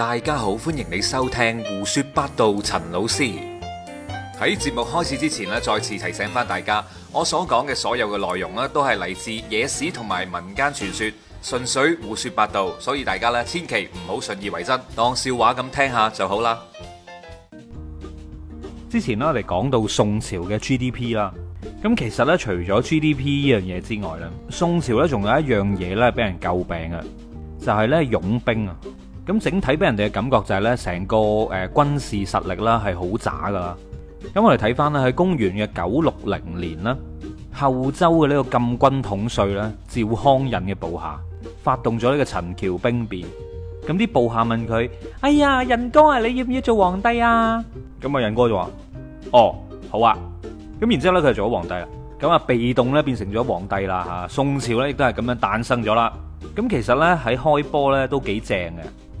大家好，歡迎你收聽胡說八道。陳老師喺節目開始之前咧，再次提醒翻大家，我所講嘅所有嘅內容咧，都係嚟自野史同埋民間傳說，純粹胡說八道，所以大家咧千祈唔好信以為真，當笑話咁聽下就好啦。之前咧我哋講到宋朝嘅 GDP 啦，咁其實咧除咗 GDP 呢樣嘢之外咧，宋朝咧仲有一樣嘢咧，俾人詬病嘅就係咧傭兵啊。咁整體俾人哋嘅感覺就係咧，成個誒軍事實力啦係好渣噶。咁我哋睇翻咧喺公元嘅九六零年啦，後周嘅呢個禁軍統帥呢，趙匡胤嘅部下發動咗呢個陳橋兵變。咁啲部下問佢，哎呀，仁哥啊，你要唔要做皇帝啊？咁啊，仁哥就話，哦，好啊。咁然之後咧，佢就做咗皇帝啦。咁啊，被動咧變成咗皇帝啦。吓，宋朝咧亦都係咁樣誕生咗啦。咁其實咧喺開波咧都幾正嘅。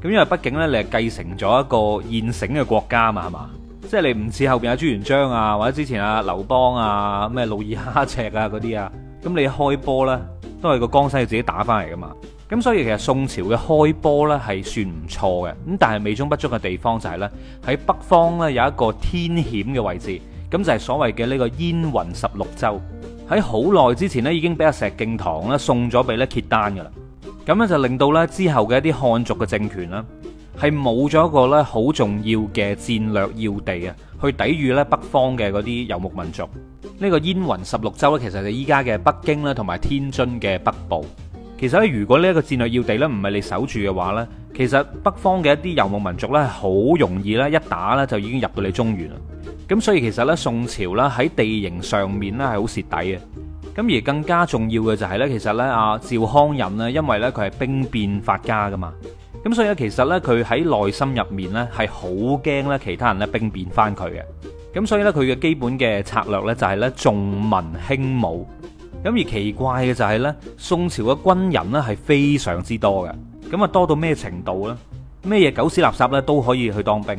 咁因為畢竟咧，你係繼承咗一個現成嘅國家嘛，係嘛？即係你唔似後面阿朱元璋啊，或者之前啊劉邦啊、咩努爾哈赤啊嗰啲啊，咁你開波咧都係個江西自己打翻嚟噶嘛。咁所以其實宋朝嘅開波咧係算唔錯嘅，咁但係美中不足嘅地方就係咧喺北方咧有一個天險嘅位置，咁就係所謂嘅呢個燕雲十六州，喺好耐之前呢，已經俾阿石敬瑭咧送咗俾咧契丹噶啦。咁咧就令到咧之後嘅一啲漢族嘅政權啦，係冇咗一個呢，好重要嘅戰略要地啊，去抵禦呢北方嘅嗰啲遊牧民族。呢個燕雲十六州呢，其實係依家嘅北京啦同埋天津嘅北部。其實呢，如果呢個戰略要地呢唔係你守住嘅話呢，其實北方嘅一啲遊牧民族呢好容易咧一打呢就已經入到你中原啦。咁所以其實呢，宋朝啦喺地形上面呢係好蝕底嘅。咁而更加重要嘅就係呢，其實呢，啊，趙匡胤呢，因為呢，佢係兵變發家㗎嘛，咁所以呢，其實呢，佢喺內心入面呢，係好驚呢，其他人呢，兵變返佢嘅，咁所以呢，佢嘅基本嘅策略呢，就係呢，重文輕武。咁而奇怪嘅就係呢，宋朝嘅軍人呢，係非常之多嘅，咁啊多到咩程度呢？咩嘢狗屎垃圾呢，都可以去當兵，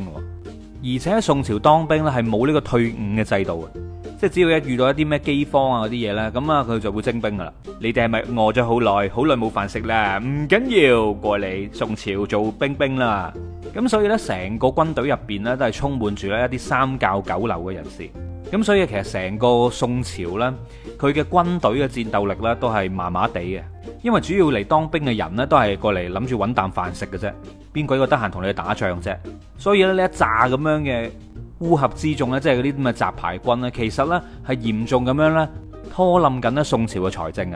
而且宋朝當兵呢，係冇呢個退伍嘅制度嘅。即係只要一遇到一啲咩饑荒啊嗰啲嘢呢，咁啊佢就會徵兵噶啦。你哋係咪餓咗好耐，好耐冇飯食咧？唔緊要，過嚟宋朝做兵兵啦。咁所以呢，成個軍隊入邊呢，都係充滿住咧一啲三教九流嘅人士。咁所以其實成個宋朝呢，佢嘅軍隊嘅戰鬥力呢，都係麻麻地嘅，因為主要嚟當兵嘅人呢，都係過嚟諗住揾啖飯食嘅啫。邊鬼個得閒同你哋打仗啫？所以咧呢一紮咁樣嘅。烏合之眾咧，即係嗰啲咁嘅雜牌軍咧，其實呢係嚴重咁樣呢，拖冧緊呢宋朝嘅財政嘅。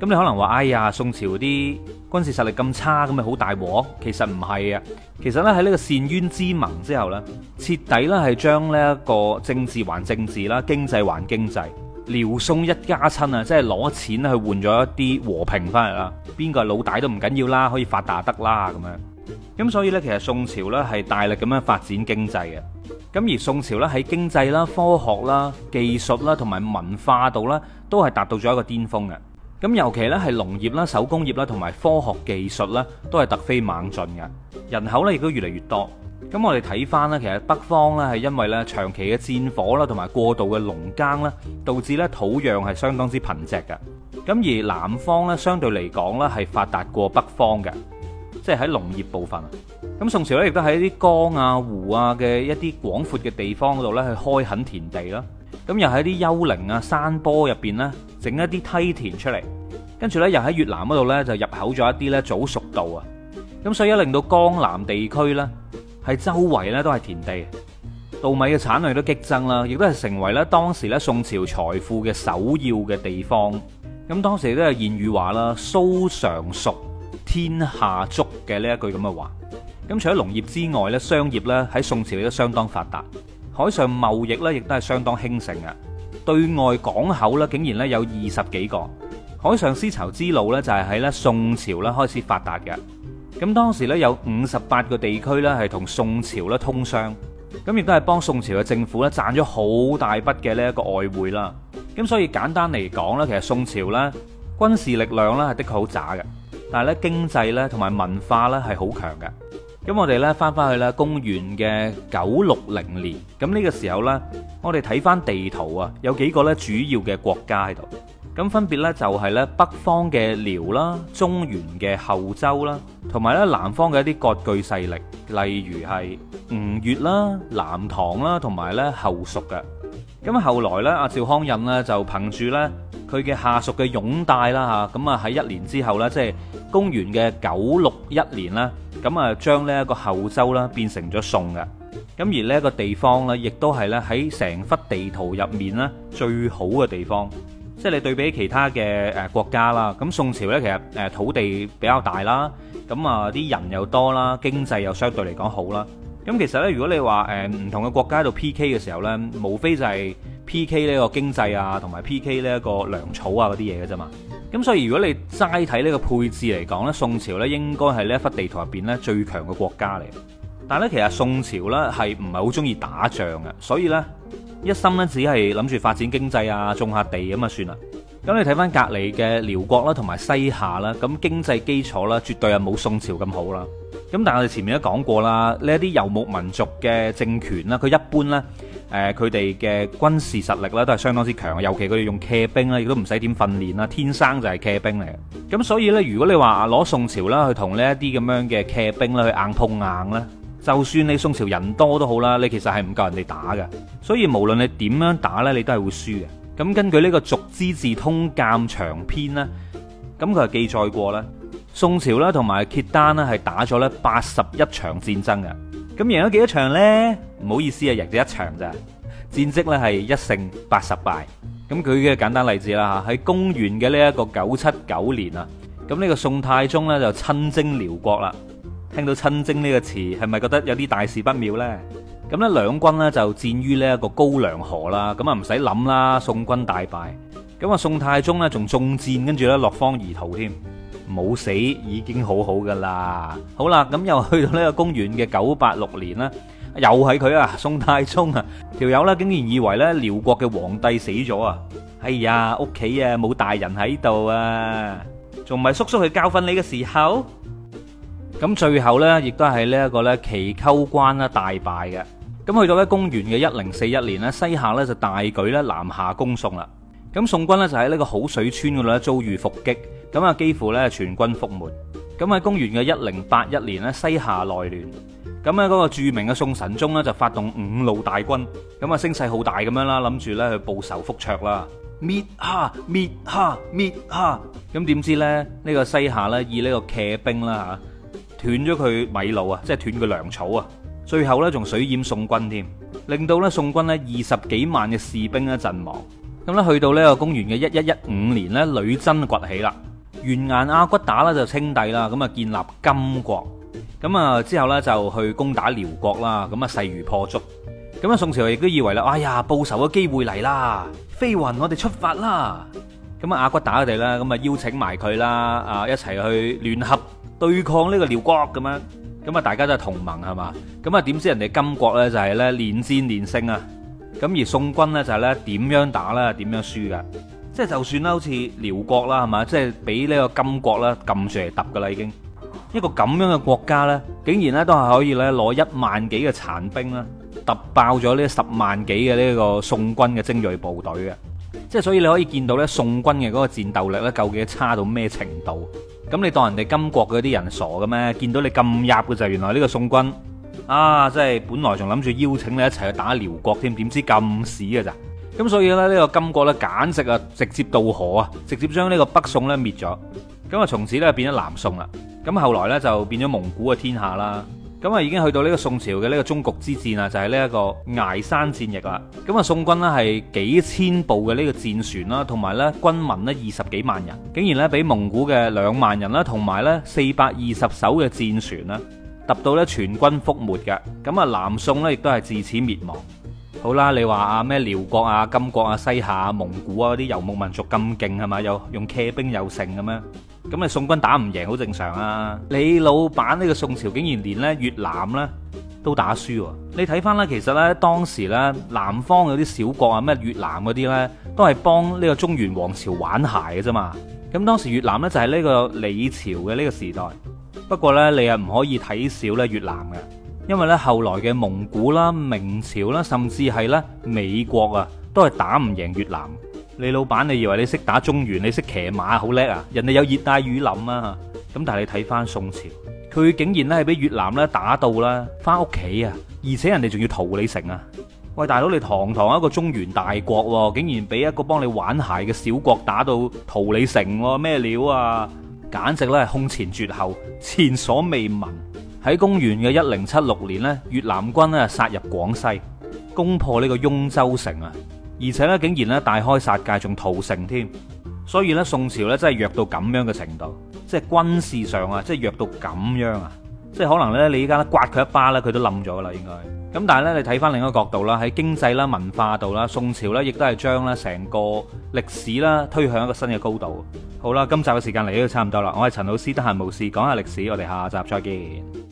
咁你可能話：哎呀，宋朝啲軍事實力咁差，咁咪好大鑊。其實唔係啊，其實呢喺呢個澶淵之盟之後呢，徹底呢係將呢一個政治還政治啦，經濟還經濟。遼宋一家親啊，即係攞錢去換咗一啲和平翻嚟啦。邊個老大都唔緊要啦，可以發達得啦咁樣。咁所以呢，其實宋朝呢係大力咁樣發展經濟嘅。咁而宋朝咧喺經濟啦、科學啦、技術啦同埋文化度咧，都係達到咗一個巔峰嘅。咁尤其咧係農業啦、手工業啦同埋科學技術啦，都係突飛猛進嘅。人口咧亦都越嚟越多。咁我哋睇翻咧，其實北方咧係因為咧長期嘅戰火啦同埋過度嘅農耕啦，導致咧土壤係相當之貧瘠嘅。咁而南方咧，相對嚟講咧係發達過北方嘅。即係喺農業部分，咁宋朝咧亦都喺啲江啊、湖啊嘅一啲廣闊嘅地方嗰度咧去開墾田地啦，咁又喺啲丘陵啊、山坡入面咧整一啲梯田出嚟，跟住咧又喺越南嗰度咧就入口咗一啲咧早熟稻啊，咁所以一令到江南地區咧係周圍咧都係田地，稻米嘅產量都激增啦，亦都係成為咧當時咧宋朝財富嘅首要嘅地方，咁當時都有諺語話啦，蘇常熟。天下足嘅呢一句咁嘅話，咁除咗農業之外咧，商業咧喺宋朝亦都相當發達，海上貿易咧亦都係相當興盛嘅。對外港口咧竟然咧有二十幾個，海上絲綢之路咧就係喺咧宋朝咧開始發達嘅。咁當時咧有五十八個地區咧係同宋朝咧通商，咁亦都係幫宋朝嘅政府咧賺咗好大筆嘅呢一個外匯啦。咁所以簡單嚟講咧，其實宋朝咧軍事力量咧係的確好渣嘅。但係咧經濟咧同埋文化咧係好強嘅。咁我哋咧翻翻去咧公元嘅九六零年，咁呢個時候呢，我哋睇翻地圖啊，有幾個咧主要嘅國家喺度。咁分別呢，就係呢北方嘅遼啦、中原嘅後周啦，同埋咧南方嘅一啲割據勢力，例如係吳越啦、南唐啦，同埋咧後蜀嘅。咁後來呢，阿趙匡胤呢，就憑住呢。佢嘅下屬嘅擁戴啦嚇，咁啊喺一年之後咧，即係公元嘅九六一年啦，咁啊將呢一個後周啦變成咗宋嘅，咁而呢一個地方咧，亦都係咧喺成幅地圖入面咧最好嘅地方，即係你對比其他嘅誒國家啦，咁宋朝咧其實誒土地比較大啦，咁啊啲人又多啦，經濟又相對嚟講好啦，咁其實咧如果你話誒唔同嘅國家喺度 PK 嘅時候咧，無非就係。P.K. 呢個經濟啊，同埋 P.K. 呢一個糧草啊嗰啲嘢嘅啫嘛，咁所以如果你齋睇呢個配置嚟講呢，宋朝呢應該係呢一忽地圖入面呢最強嘅國家嚟。但係咧，其實宋朝呢係唔係好中意打仗嘅，所以呢一心呢只係諗住發展經濟啊，種下地咁啊算啦。咁你睇翻隔離嘅遼國啦、啊，同埋西夏啦、啊，咁經濟基礎啦、啊，絕對係冇宋朝咁好啦、啊。咁但係我哋前面都講過啦，呢一啲遊牧民族嘅政權呢、啊，佢一般呢。誒佢哋嘅軍事實力咧都係相當之強，尤其佢哋用騎兵啦，亦都唔使點訓練啦，天生就係騎兵嚟嘅。咁所以呢，如果你話攞宋朝啦去同呢一啲咁樣嘅騎兵咧去硬碰硬啦，就算你宋朝人多都好啦，你其實係唔夠人哋打嘅。所以無論你點樣打呢，你都係會輸嘅。咁根據呢個《續資治通鑑長編》呢，咁佢係記載過咧宋朝啦同埋契丹咧係打咗咧八十一場戰爭嘅。咁贏咗幾多場呢？唔好意思啊，贏咗一場咋，戰績咧係一勝八十敗咁。舉幾個簡單例子啦，吓喺公元嘅呢一個九七九年啊，咁呢個宋太宗咧就親征遼國啦。聽到親征呢個詞，係咪覺得有啲大事不妙咧？咁咧兩軍咧就戰於呢一個高梁河啦，咁啊唔使諗啦，宋軍大敗。咁啊宋太宗咧仲中箭，跟住咧落荒而逃，添冇死已經好好噶啦。好啦，咁又去到呢個公元嘅九八六年啦。又係佢啊！宋太宗啊，條友啦，竟然以為咧遼國嘅皇帝死咗啊！哎呀，屋企啊冇大人喺度啊，仲唔係叔叔去教訓你嘅時候？咁最後咧，亦都係呢一個咧岐溝關啦，大敗嘅。咁去到咧公元嘅一零四一年咧，西夏咧就大舉咧南下攻宋啦。咁宋軍咧就喺呢個好水村嗰度咧遭遇伏擊，咁啊幾乎咧全軍覆沒。咁喺公元嘅一零八一年咧，西夏內亂，咁咧嗰個著名嘅宋神宗咧就發動五路大軍，咁啊聲勢浩大咁樣啦，諗住咧去報仇復爵啦，滅夏、滅夏、滅夏，咁點知咧呢個西夏咧以呢個騎兵啦吓，斷咗佢米路啊，即係斷佢糧草啊，最後咧仲水淹宋軍添，令到咧宋軍咧二十幾萬嘅士兵咧陣亡，咁咧去到呢個公元嘅一一一五年咧，女真崛起啦。完顏阿骨打咧就稱帝啦，咁啊建立金國，咁啊之後咧就去攻打遼國啦，咁啊勢如破竹，咁啊宋朝亦都以為啦，哎呀報仇嘅機會嚟啦，飛雲我哋出發啦，咁啊阿骨打佢哋啦，咁啊邀請埋佢啦，啊一齊去聯合對抗呢個遼國咁樣，咁啊大家都係同盟係嘛，咁啊點知人哋金國咧就係咧連戰連勝啊，咁而宋軍咧就係咧點樣打啦，點樣輸噶？即係就算啦，好似遼國啦，係嘛？即係俾呢個金國啦撳住嚟揼噶啦，已經一個咁樣嘅國家呢，竟然呢都係可以呢攞一萬幾嘅殘兵啦，揼爆咗呢十萬幾嘅呢個宋軍嘅精銳部隊嘅。即係所以你可以見到呢宋軍嘅嗰個戰鬥力呢，究竟差到咩程度？咁你當人哋金國嗰啲人傻嘅咩？見到你咁壓嘅就係原來呢個宋軍啊！即係本來仲諗住邀請你一齊去打遼國添，點知咁屎嘅咋？咁所以咧，呢個金國呢簡直啊，直接渡河啊，直接將呢個北宋呢滅咗。咁啊，從此呢變咗南宋啦。咁後來呢就變咗蒙古嘅天下啦。咁啊，已經去到呢個宋朝嘅呢個終局之戰啊，就係呢一個崖山戰役啦。咁啊，宋軍呢係幾千部嘅呢個戰船啦，同埋呢軍民呢二十幾萬人，竟然呢俾蒙古嘅兩萬人啦，同埋呢四百二十艘嘅戰船啦，突到呢全軍覆沒嘅。咁啊，南宋呢亦都係自此滅亡。好啦，你話啊咩遼國啊、金國啊、西夏啊、蒙古啊嗰啲遊牧民族咁勁係嘛？又用騎兵又勝嘅咩？咁啊宋軍打唔贏好正常啊！你老闆呢個宋朝竟然連呢越南呢都打輸喎！你睇翻呢，其實呢，當時呢南方嗰啲小國啊，咩越南嗰啲呢，都係幫呢個中原王朝玩鞋嘅啫嘛。咁當時越南呢，就係呢個李朝嘅呢個時代。不過呢，你又唔可以睇小呢越南嘅。因為咧後來嘅蒙古啦、明朝啦，甚至係咧美國啊，都係打唔贏越南。你老闆，你以為你識打中原，你識騎馬好叻啊？人哋有熱帶雨林啊，咁但係你睇翻宋朝，佢竟然咧係俾越南咧打到啦，翻屋企啊，而且人哋仲要屠你城啊！喂，大佬，你堂堂一個中原大國，竟然俾一個幫你玩鞋嘅小國打到屠你城，咩料啊？簡直咧係空前絕後，前所未聞。喺公元嘅一零七六年咧，越南軍咧殺入廣西，攻破呢個邕州城啊！而且咧，竟然咧大開殺戒，仲屠城添。所以咧，宋朝咧真係弱到咁樣嘅程度，即係軍事上啊，即係弱到咁樣啊！即係可能咧，你依家刮佢一巴咧，佢都冧咗啦，應該。咁但係咧，你睇翻另一個角度啦，喺經濟啦、文化度啦，宋朝咧亦都係將咧成個歷史啦推向一個新嘅高度。好啦，今集嘅時間嚟到差唔多啦，我係陳老師，得閒無事講下歷史，我哋下集再見。